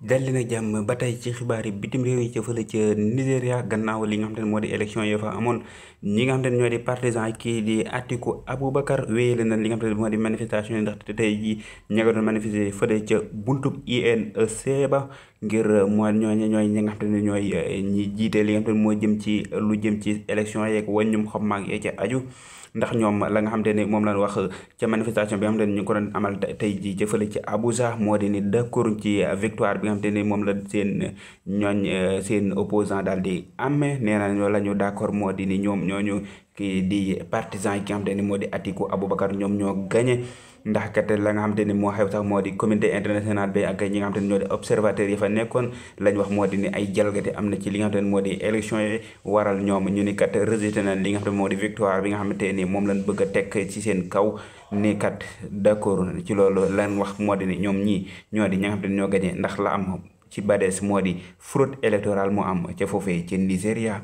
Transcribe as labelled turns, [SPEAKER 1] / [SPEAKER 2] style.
[SPEAKER 1] dalli na jàmm ba tey ci xibaar yi bitim réew yi ca fële ca Nigéria gannaaw li nga xam te ne moo di élection yoo fa xam te ne ñoo di partisan kii di Atiku Aboubacar wéyale na li nga xam te ne moo di manifestation yi ndaxte tey jii ña nga doon manifester fële ca ba ngir moo ñooñu ñooy ñi nga xam te ne ñooy eh, ñi jiite li nga xam moo jëm ci lu jëm ci élection yeeg wàññum xam maag yee ca aju ndax ñoom la nga xam te ne moom lañ wax ca manifestation bi nga xam te ñu ko doon amal tey jii ca fële ca Abuja moo di ni d'accord ci victoire bi bi nga xam te moom la seen ñooñ eh, seen opposant daal di amee nee na ñoo la ñu d'accord moo di ni ñoom ñooñu kii di partisan yi ki nga xamante ni moo di Atiku Aboubacar ñoom ñoo gagné ndax kat la nga xam te ni moo xew sax moo di communauté internationale bi ak ñi nga xamante ni ñoo yi fa nekkoon lañ wax moo di ni ay jalgati am na ci li nga xamante ni moo di élection yi waral ñoom ñu ni kat rejeté nañ li nga xamante ni moo di victoire bi nga ni moom lañ bëgg a teg ci seen kaw ni kat d'accord ci loolu lañ wax moo di ni ñoom ñii ñoo di ñi nga xamante ni ñoo gagné ndax la am ci Badès moo di fraude électorale moo am ca foofee ci Nigéria